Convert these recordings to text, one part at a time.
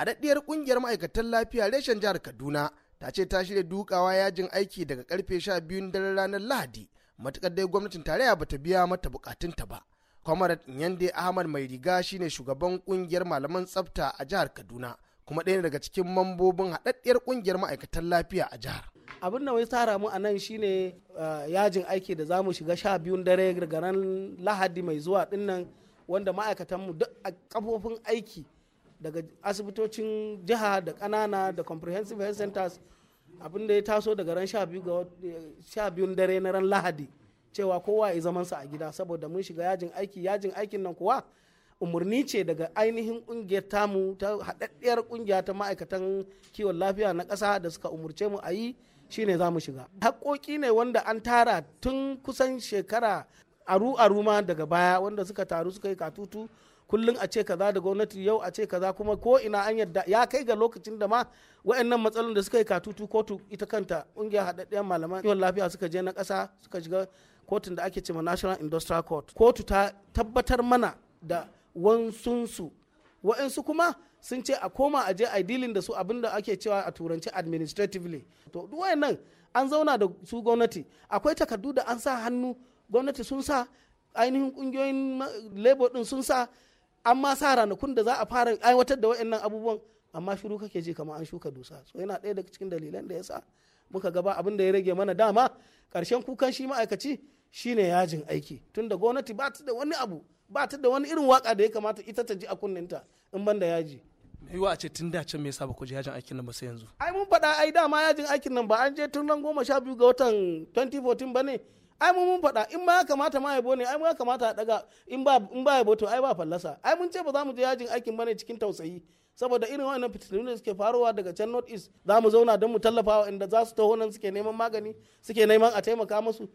haɗaɗɗiyar ƙungiyar ma'aikatan lafiya reshen jihar kaduna ta ce ta shirya dukawa yajin aiki daga karfe sha daren ranar lahadi matuƙar dai gwamnatin tarayya bata biya mata ta ba comrade nyande ahmad mai riga shine shugaban kungiyar malaman tsafta a jihar kaduna kuma ɗaya daga cikin mambobin haɗaɗɗiyar kungiyar ma'aikatan lafiya a jihar abin da wai tara mu a nan shine uh, yajin aiki da zamu shiga sha biyun dare daga lahadi mai zuwa dinnan wanda maaikatan mu duk a kafofin aiki daga asibitocin jiha da kanana da comprehensive health centers abin da ya taso daga ran sha eh, biyun dare na ran lahadi cewa kowa ya zaman sa a gida saboda mun shiga yajin aiki yajin aikin nan kuwa umarni ce daga ainihin kungiyar tamu ta haɗaɗɗiyar kungiya ta ma'aikatan kiwon lafiya na kasa da suka umarce mu a yi shine za mu shiga haƙoƙi ne wanda an tara tun kusan shekara aru aruma daga baya wanda suka taru suka yi katutu kullum a ce kaza da gwamnati yau a ce kaza kuma ko ina an yadda ya kai ga lokacin da ma wayannan matsalolin da suka yi katutu kotu ita kanta ƙungiyar haɗaɗɗiyar malaman kiwon lafiya suka je na kasa suka shiga kotun da ake cewa national industrial court kotu ta tabbatar mana da wansunsu wa'insu kuma sun ce a koma a je a dealing da su abinda ake cewa a turanci administratively to duk wayannan an zauna da su gwamnati akwai takardu da an sa hannu gwamnati sun sa ainihin kungiyoyin labor din sun sa an ma sa ranakun da za a fara aiwatar da waɗannan abubuwan amma shiru kake ji kamar an shuka dusa so yana ɗaya daga cikin dalilan da ya sa muka gaba abin da ya rage mana dama ƙarshen kukan shi ma'aikaci shine yajin aiki tunda gwamnati ba ta da wani abu ba ta da wani irin waka da ya kamata ita ta ji a kunninta in ban da yaji yiwa a ce tun da can me yasa ba ku je yajin aikin nan ba sai yanzu ai mun faɗa ai dama yajin aikin nan ba an je tun ran goma sha biyu ga watan 2014 ba ne ai mun faɗa in ma ya kamata ma yabo ne ai mun ya kamata a daga in ba in yabo to ai ba fallasa ai mun ce ba za mu je yajin aikin bane cikin tausayi saboda irin wannan fitilun da suke faruwa daga can north east za mu zauna don mu tallafa wa inda za su taho nan suke neman magani suke neman a taimaka musu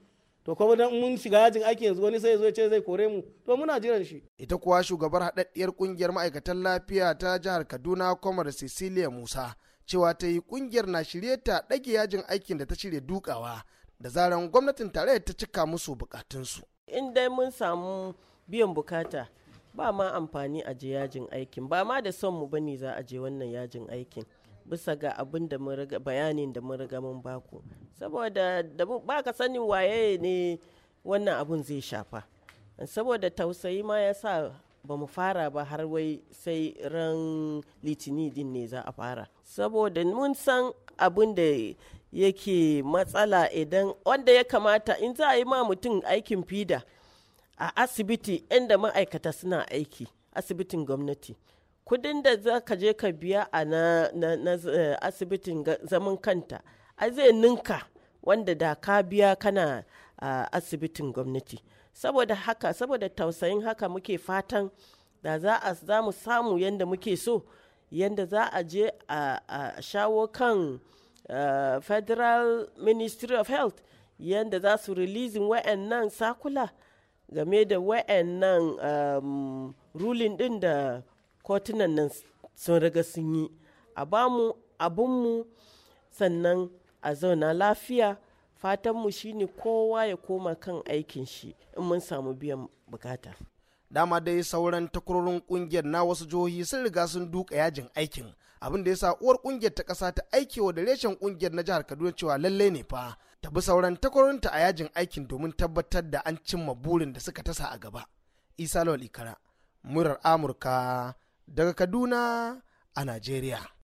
to kuma dan mun shiga yajin aikin yanzu wani sai ya zo ce zai kore mu to muna jiran shi ita kuwa shugabar haɗaɗɗiyar kungiyar ma'aikatan lafiya ta jihar Kaduna Comrade Cecilia Musa cewa ta yi kungiyar na shirye ta ɗage yajin aikin da ta shirya dukawa da zaran gwamnatin tarayyar ta cika musu bukatunsu. In dai mun samu biyan bukata ba ma amfani a je yajin aikin ba ma da son mu bane za a je wannan yajin aikin bisa ga abin da mun riga bayanin da mun riga mun baku saboda da ba ka sanin waye ne wannan abun zai shafa saboda tausayi ma ya sa ba mu fara ba har wai sai ran litini din ne za a fara saboda mun san abin da yake matsala idan wanda ya kamata in za a yi ma mutum aikin fida a asibiti inda ma'aikata suna aiki asibitin gwamnati kudin da za ka je ka biya a na, eh, asibitin zaman kanta a zai ninka wanda da ka biya kana a asibitin gwamnati saboda haka saboda tausayin haka muke fatan da za a za mu samu yadda muke so yadda za a je a shawo kan Uh, federal ministry of health yadda za su release wa'annan sakula game da wa'annan um, ruling din da kotunan nan sun riga sun yi a bamu abinmu sannan a zauna lafiya fatanmu shine kowa ya koma kan aikin shi in mun samu biyan bukata dama dai sauran takwarorin kungiyar na wasu jihohi sun riga sun duka yajin aikin abin da yasa uwar kungiyar ta kasa ta aikewa da reshen kungiyar na jihar kaduna cewa lallai ne fa ta bi sauran ta a yajin aikin domin tabbatar da an cimma burin da suka tasa a gaba isa lawal ikara murar amurka daga kaduna a najeriya